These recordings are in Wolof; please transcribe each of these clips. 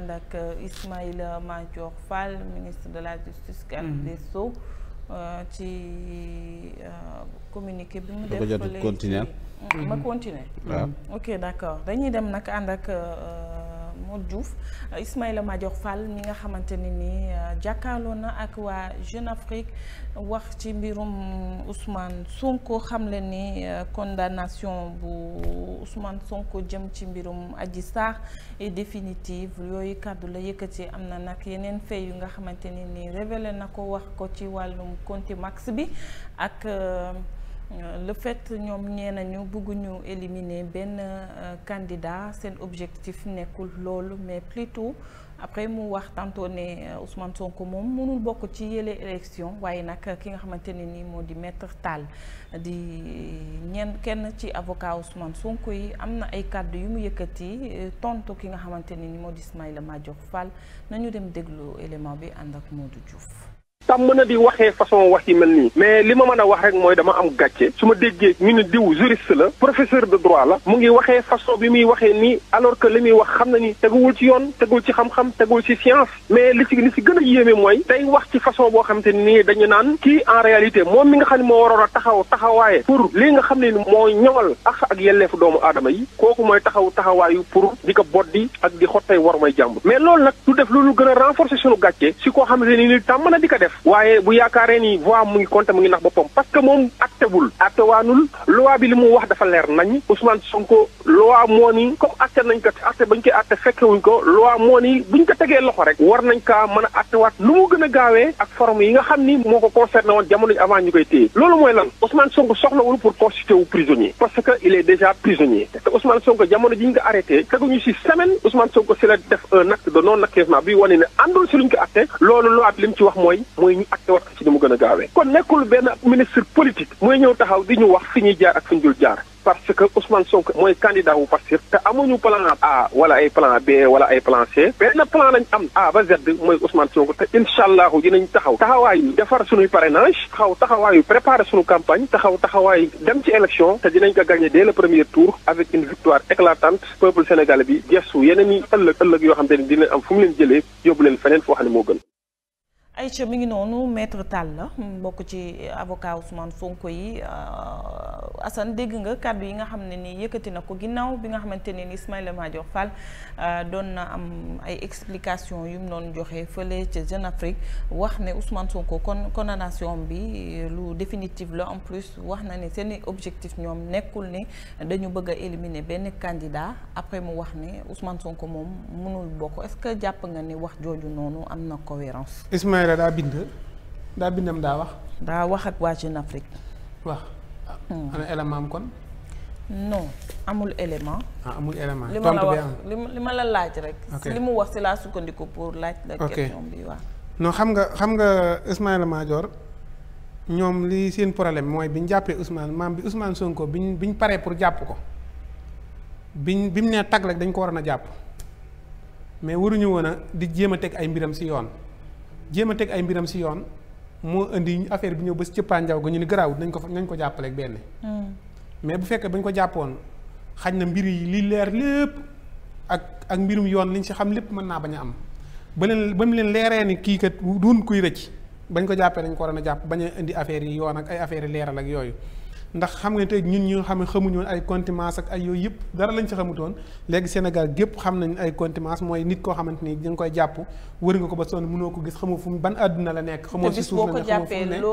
ànd ak euh, Ismaïla Madior Fall ministre de la justice ak mhm. des Sceaux euh, ci euh, communiqué bi mu def léegi mm, ma mhm. continuer ok d'accord dañuy dem nag ànd moo Diouf Ismaïla Madior Fall mi nga xamante ne ni euh, jàkkaarloo na ak waa Jeune Afrique wax ci mbirum Ousmane Sonko xam le ni euh, condamnation bu Ousmane Sonko jëm ci mbirum Adji Sarr et définitive yooyu kàddu la yëkkati am na nag yeneen fay yu nga xamante ne ni révélé na ko wax ko ci wàllum Conti Max bi ak. Euh, Euh, le fait ñoom ñee nañu bëgguñu éliminer benn euh, candidat seen objectif nekkul loolu mais plutôt après mu wax tantôt ne euh, Ousmane Sonko moom mënul bokk ci yële élection waaye nag ki nga xamante ne nii moo di maître Tall di ñenn kenn ci avocat Ousmane Sonko yi am na ay kàddu yu mu yëkkati tontu ki nga xamante ni moo di Ismaïla Madior Fall nañu dem déglu élément bi ànd ak Modou Diouf. tam mën a di waxee façon wax yi mel nii mais li ma mën a wax rek mooy dama am gàcce su ma déggee ñu ne diw juriste la professeur de droit la mu ngi waxee façon bi muy waxee nii alors que li muy wax xam na ni teguwul ci yoon tegul ci xam-xam teguwul ci science mais li ci li ci gën a yéeme mooy tey wax ci façon boo xam te nii dañu naan kii en réalité moom mi nga xam ne moo waroon a taxaw taxawaaye pour li nga xam ne moo ñoŋal ak ak yelleefu doomu aadama yi kooku mooy taxaw taxawaayu pour di ko boddi ak di xottay war may jàmbur mais loolu nag du def loolu a renforcer suñu gàcce si koo xam tàmm na di ko def def waaye bu yaakaaree ni voix mu ngi compté mu ngi nax boppam parce que moom attewul attewaanul loi bi li mu wax dafa leer nañ Ousmane Sonko loi moo ni comme atte nañ ko te atte bañ koy atte fekkewuñ ko loi moo ni buñ tegee loxo rek war nañ kaa mën a attewaat lu gën a gaawee ak forme xam ni moo ko concerné woon jamono avant ñu koy téye loolu mooy lan Ousmane wu prisonnier parce que il est déjà prisonnier te Ousmane jamono ji ñu ko arrêté teguñu si semaine Ousmane Sonko si la def un acte de non si luñ ko atte loolu loi bi li mu ci wax mooy mooy ñu acté wax ci ni mu gën a gaawee. kon nekkul benn ministre politique. mooy ñëw taxaw di ñu wax fi ñuy jaar ak fi ñu dul jaar. parce que Ousmane Sonko mooy candidat wu Pastef te amuñu plan A wala ay plan B wala ay plan C benn plan lañ am A ba Z mooy Ousmane Sonko te incha allahu dinañ taxaw taxawaayu defar suñuy parrainage taxaw taxawaayu préparer suñu campagne taxaw taxawaayu dem ci élection te dinañ ko gagné dès le premier tour avec une victoire bi gestu yeneen yoo xam te ne dina am fu mu leen jëlee yóbbu leen Aïcha mi ngi noonu maître Tall la bokk ci avocat Ousmane Sonko yi euh, Assane dégg nga kàddu yi nga xam ne ni yëkkati na ko ginnaaw bi nga xamante ne ni Ismaïla Madior Fall euh, doon na am ay explication yu mu doon joxe fële ca Jeune wax ne Ousmane Sonko kon condamnation bi lu définitive la en plus wax na ne seen objectif ñoom nekkul ne dañu bëgg éliminer benn candidat après mu wax ne Ousmane Sonko moom mënul bokk est-ce que jàpp nga ni wax jooju noonu am na cohérence Soumaïla daa bind daa wax daa wax ak waa Jeune Afrique wax hmm. ana élément am ah, li laaj rek li mu wax si laa sukkandiku pour laaj la question bi waaw non xam nga xam nga Ismaïla ñoom li seen problème mooy bi ñu jàppee Ousmane maam bi usmaan Sonko bi ñu bi ñu paree pour jàpp ko biñ bi mu nee tag rek dañ ko waroon a jàpp mais waruñu woon a di jéem a teg ay mbiram si yoon jéem a teg ay mbiram si yoon moo indi affaire bi ñëw ba si cëppaanjaw ga ñu ni garaawut nañ ko nañ ko jàppaleeg benn. Hmm. mais bu fekkee bañ ko jàppoon xaj na mbir yi li leer lépp ak ak mbirum yoon liñ si xam lépp mën naa bañ a am ba leen ba mu leen leeree ni kii kat duun kuy rëcc bañ ko jàppee dañ ko waroon a jàpp bañ a indi affaire yi yoon ak ay affaire leeral ak yooyu. ndax xam nga tey ñun ñu xam ne xamuñu ay contumace ak ay yooyu yëpp dara lañ ci xamutoon léegi Sénégal gépp xam nañ ay contumace mooy nit koo xamante ni da nga koy jàpp wër nga ko ba sonn mënoo ko gis xamoo fu mu ban àdduna la nekk xamoo si suuf la nekk xamoo fu mu ne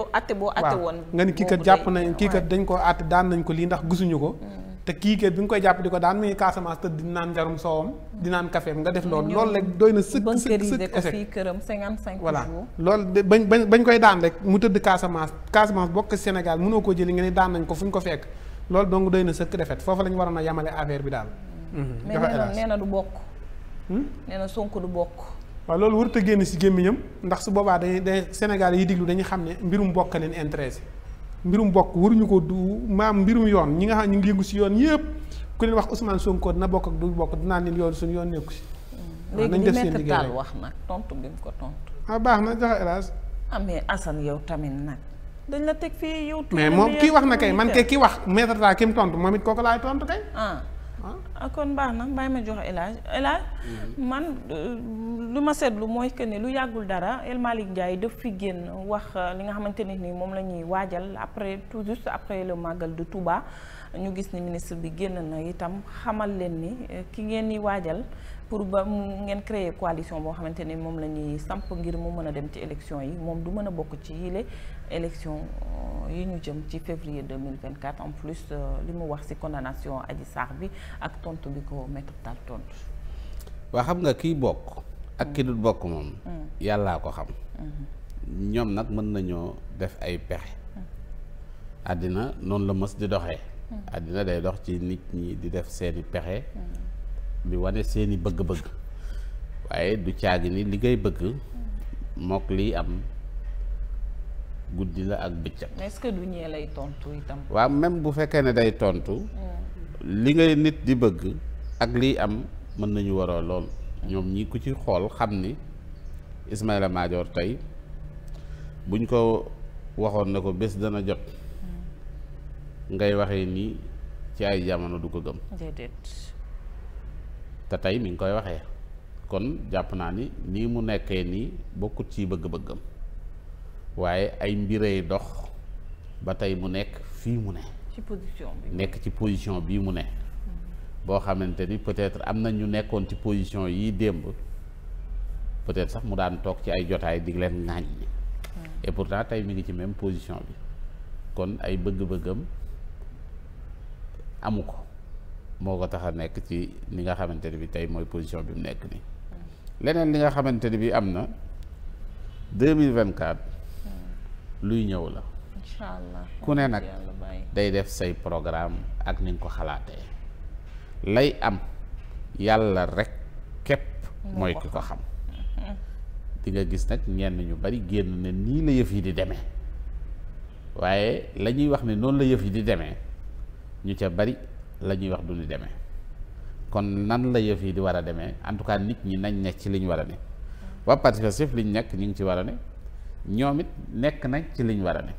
waaw nga ni kii kat jàpp nañ kii kat dañ koo àtte daan nañ ko lii ndax gisuñu ko mm. te kii kat bi nga koy jàpp ko daan muy Casamance te di naan njarum soowam di naan kafeem nga def loolu loolu rek doy na sëkk sëkk sëkk échec voilà koy daan rek mu tëdd Casamance Casamance bokk Sénégal mënoo koo jëli nga daan nañ ko fu ñu ko fekk loolu donc doy na sëkk defet foofu la ñu waroon a yamale affaire bi daal mhm. mais nee na du bokk hmm? nee na du bokk waaw loolu warut a génn si gémmiñam ndax su boobaa day dañuy Sénégal yi diglu dañuy xam ne mbirum bokk leen intéressé mbirum bokk waruñu ko du maam mbirum yoon ñi nga xam ñu ngi yëngu si yoon yëpp ku leen wax Ousmane Sonko na bokk ak du bokk dinaa leen yoon suñu yoon nekku si. Mm. nañ def seen liggéey léegi wax nag tontu bi mu ko tontu. ah baax na joxe hélas. ah mais Assane yow tamit nag. dañ la teg fii yow. mais moom kii wax na kay man kay kii wax maître daal ki tontu moom it kooku laay tontu kay. Ah. ah kon baax na bàyyi ma jox El Hadj El Hadj mm-hmm. man euh, lu ma seetlu mooy que ne lu yàggul dara El Malick Ndiaye daf fi génn wax euh, li nga xamante ne ni moom la ñuy waajal après tout juste après le magal de Touba ñu gis ni ministre bi génn na itam xamal leen ni euh, ki ngeen di waajal. pour ba mu ngeen créer coalition boo xamante ni moom la ñuy samp ngir mu mën a dem ci élection yi moom du mën a bokk ci yile élection euh, yi ñu jëm ci février 2024 en plus euh, li mu wax ci condamnation Adji saax bi ak tontu bi ko Maître Tall tontu. waa xam nga kiy bokk. ak mm. ki dul bokk moom. Mm. yàllaa ko xam. Mm-hmm. ñoom nag mën nañoo def ay pexe. Mm. àddina noonu la mës di doxee. àddina day dox ci nit ñi di def seeni pexe. di wane seeni bëgg-bëgg waaye du caagi ni li ngay bëgg mook liy am guddi la ak bëccëg. mais est-ce que du ñee lay tontu même bu fekkee ne day tontu. Hmm. li nga nit di bëgg ak liy am mën nañu waroo lool ñoom ñi ku ci xool xam ni Ismaïla Madior tey buñ ko waxoon na ko bés dana jot hmm. ngay waxee nii ci ay jamono du ko gëm. te tey mi ngi koy waxee kon jàpp naa ni nii mu nekkee nii bokkut ci bëgg-bëggam waaye ay mbiree dox ba tey mu nekk fii mu ne. ci position nekk ci position bii mu ne. boo xamante ni peut-être am na ñu nekkoon ci position yii démb peut-être sax mu daan toog ci ay jotaay di leen ŋaañ. Hmm. et pourtant tey mi ngi ci même position bi kon ay bëgg-bëggam amu ko. moo ko tax a nekk ci li nga xamante ni bi tey mooy position bi mu nekk nii. leneen li nga xamante ne bi am na deux mille vingt quatre hmm. luy ñëw la. incha ku ne nag day def say programme ak ni nga ko xalaatee lay am yàlla rek képp mooy ki ko xam di nga gis nag ñenn ñu bari génn ne nii la yëf yi di demee waaye la ñuy wax ne noonu la yëf yi di demee ñu ca bari la ñuy wax du di demee kon nan la yëf yi di war a demee en tout cas nit ñi nañ ne ci li ñu war a ne waa parti Pastef li nekk ñu ngi ci war a ne ñoom it nekk nañ ci li ñu war a ne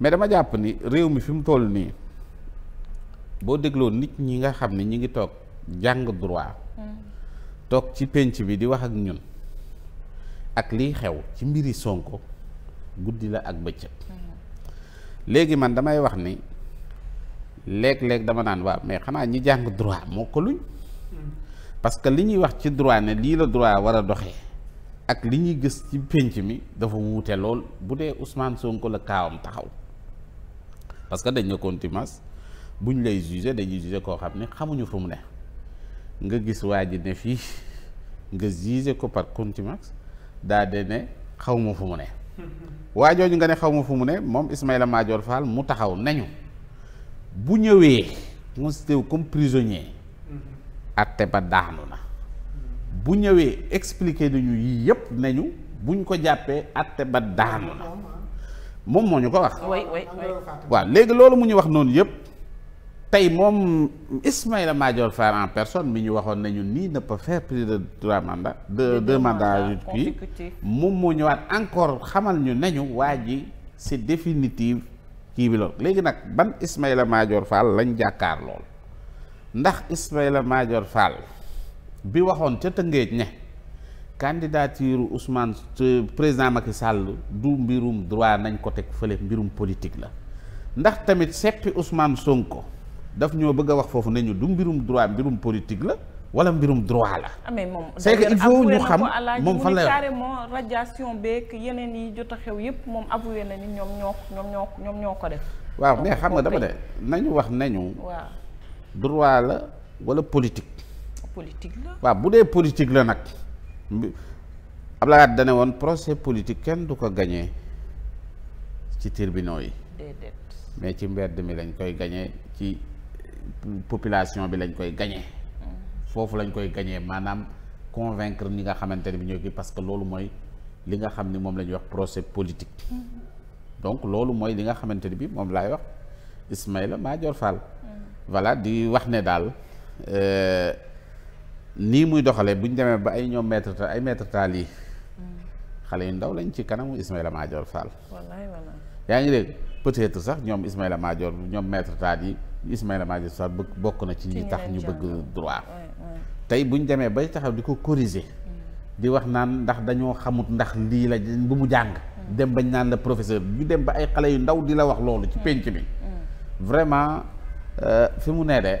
mais dama jàpp ni réew mi fi mu toll nii boo dégloo nit ñi nga xam ne ñi ngi toog jàng droit toog ci pénc bi di wax ak ñun ak liy xew ci mbiri Sonko guddi la ak bëccëg mm-hmm. léegi man damay wax ni léeg-léeg dama naan waaw mais xanaa ñi jàng droit moo ko luñ parce que li ñuy wax ci droit ne lii la droit war a doxee ak li ñuy gis ci pénc mi dafa wuute lool bu dee Ousmane Sonko la kaawam taxaw parce que dañ na contumace buñ lay jugé dañuy jugé koo xam ne xamuñu fu mu ne nga gis waa ji ne fii nga jugé ko par contumace daa de ne xaw ma fu mu ne. waa jooju nga ne xaw ma fu mu ne moom Ismaïla Madior Fall mu taxaw nañu. bu ñëwee considéré wu comme prisonnier atte ba daanu na bu ñëwee expliqué nañu yii yëpp nañu buñ ko jàppee atte ba daanu na moom moo ñu ko wax waaw léegi loolu mu ñu wax noonu yëpp tey moom Ismaïla Madior Fall en personne mi ñu waxoon nañu nii ne peut faire plus de trois mandats de deux mandats kii moom moo ñëwaat encore xamal ñu nañu waa ji c'est définitive kii léegi nag ban Ismaïla Madior Fall lañ jàkkaar lool ndax Ismaïla Madior Fall bi waxoon ca Tëngéej ne candidature Ousmane euh, président Macky sàll du mbirum droit nañ ko teg fële mbirum politique la ndax tamit seppi Ousmane Sonko daf ñoo bëgg a wax foofu ne ñu du mbirum droit mbirum politique la wala mbirum droit la. Ah, mais moom c'est que il faut ñu xam moom fan la carrément radiation beeg yeneen yi jot a xew yëpp moom avoué na ni ñoom ñoo ñoom ñoo ñoom ñoo ko def. waaw mais xam nga dama ne nañu wax nañu. waaw droit la wala politique. politique la waaw bu dee politique la nag. Abdoulaye Wade da ne woon procès politique kenn du ko gañee ci tribunaux yi. déedéet mais ci mbedd mi lañ koy gañee ci population bi lañ koy gañee foofu lañ koy gañee maanaam convaincre ñi nga xamante ne bi ñoo kii parce que loolu mooy li nga xam ni moom la ñuy wax procès politique mm-hmm. donc loolu mooy li nga xamante ni bi moom laay wax Ismaïla Madior Fall mm-hmm. voilà di wax ne daal euh, nii muy doxalee bu ñu demee ba ay ñoom maître ta ay maître taal yi mm-hmm. xale yu ndaw lañ ci kanamu Ismaïla Madior Fall wallaay yaa ngi dégg peut-être sax ñoom Ismaïla Madior ñoom maître taal yi Ismaïla Madior Fall bokk na ci ñi tax ñu bëgg droit tey bu ñu demee bay taxaw di ko corriger di wax naan ndax dañoo xamut ndax lii la bu mu jàng dem bañ naan la professeur ñu dem ba ay xale yu ndaw di la wax loolu ci pénc bi vraiment euh, fi mu nee de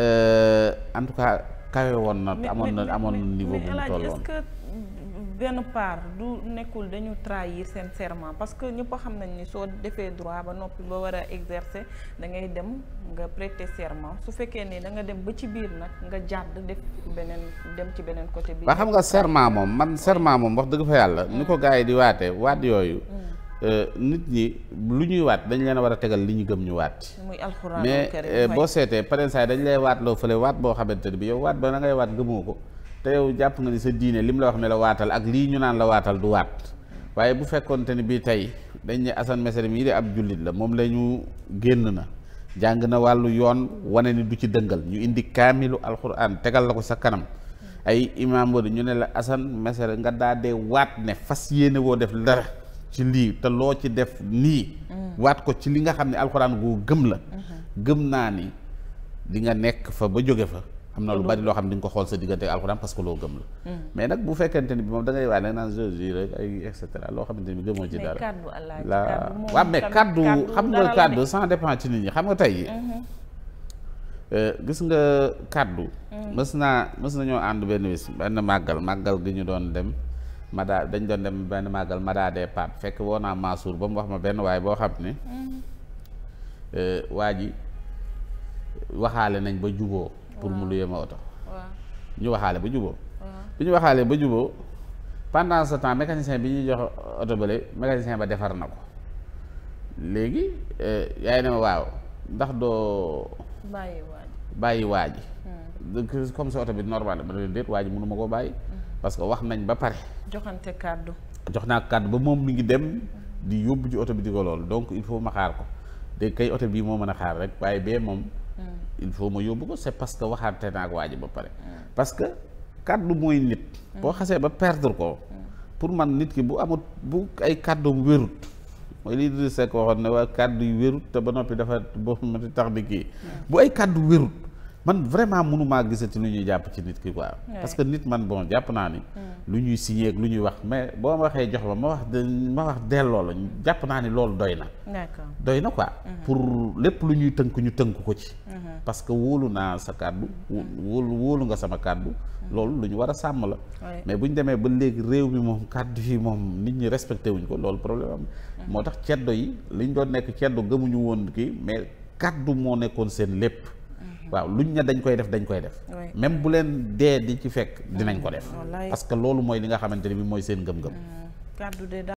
euh, en tout cas kawe woon na amoon na amoon na niveau bu mu tolloon benn part du nekkul dañu trahir seen serment parce que ñëpp xam nañ ni soo defee droit ba noppi ba war a exercer da ngay dem nga prêter serment su fekkee nii da nga dem ba ci biir nag nga jàdd def beneen dem ci beneen côté bi. ba xam nga serment moom man serment moom wax dëgg fa yàlla. ni ko mm. gars yi di waatee waat yooyu. Mm. Euh, nit ñi lu ñuy waat dañ leen a war a tegal li ñu gëm ñu waat. muy alxuraan mais euh, boo seetee par exemple dañ lay waat loo fële waat boo xamante ne bi yow waat ba na ngay waat gëmoo ko. te yow jàpp nga ni sa diine lim la wax ne la waatal ak lii ñu naan la waatal du waat waaye bu fekkoonte ni bii tey dañ ne Assane Mesere mii de ab jullit la moom la ñu génn na jàng na wàllu yoon wane ni du ci dëngal ñu indi kaamilu alxuraan tegal la ko sa kanam ay imaam wala ñu ne la Assane Mesere nga daa dee waat ne fas yéene woo def dara ci lii te loo ci def nii. Mm. waat ko ci li nga xam ne alxuraan gu gëm la. Mm-hmm. gëm naa ni di nga nekk fa ba jóge fa. am na lu bari loo xam ne di nga ko xool sa diggante alxuraan parce que loo gëm la hmm. mais nag bu fekkente ni bi moom da ngay waaye nag naan jegi rek ay et cetera loo xamante ni bi gëmoo ci dara la waaw mais kaddu xam nga kaddu sans dépend ci nit ñi xam nga tey hmm. euh, gis nga kaddu hmm. mës naa mës nañoo ànd benn bis benn màggal màggal gi ñu doon dem mada dañ doon dem benn màggal mada des pape fekk woo naa Mansour ba mu wax ma benn waaye boo xam ne euh, waa ji waxaale nañ ba juboo pour mu luyee ma oto ñu waxaale ba juboo bi ñu waxaalee ba juboo pendant ce temps mécanicien bi ñuy jox oto bële mécanicien ba defar na ko léegi eh, yaay ne ma waaw ndax doo bàyyi waaj bàyyi waaji hmm. comme si oto bi normal ma ne déet waaji ma koo bàyyi hmm. parce que wax nañ ba pare joxante kàddu jox naa kàddu ba moom mi ngi dem di yóbbu ci oto bi di ko loolu donc il faut ma xaar ko dégg kay oto bii moo mën a xaar rek waaye bee moom il faut ma yóbbu ko c'est parce que waxaante naa ak waa ji ba pare. Hmm. parce que kaddu mooy nit. Hmm. boo xasee ba perdre ko. Hmm. pour man nit ki bu amut bu ay kàddoom wérut. mooy li Idrissa Seck kàddu yu wérut te ba noppi dafa boo ma tax di kii bu ay kàddu wérut. man vraiment mënumaa gisati lu ñuy jàpp ci nit ki quoi. parce que nit man boo jàpp naa ni. Mm. lu ñuy signé lu ñuy wax mais boo waxee jox la ma wax ma wax delloo la jàpp naa ni loolu doy na. doy na ko mm-hmm. pour lépp lu ñuy tënk ñu tënk ko ci. Mm-hmm. parce que wóolu naa sa kàddu. Mm-hmm. wóolu nga sama kàddu. loolu lu ñu war a sàmm la. mais bu ñu demee ba léegi réew mi moom kàddu yi moom nit ñi respecté wuñ ko loolu problème am. moo tax ceddo yi liñ doon nekk ceddo gëmuñu woon kii mais kàddu moo nekkoon seen lépp. waaw lu luñ ne dañ koy def dañ koy def même bu leen dee di ci fekk dinañ ko mm. def parce que loolu mooy li nga xamante ne bi mooy seen ngëm-ngëm mm.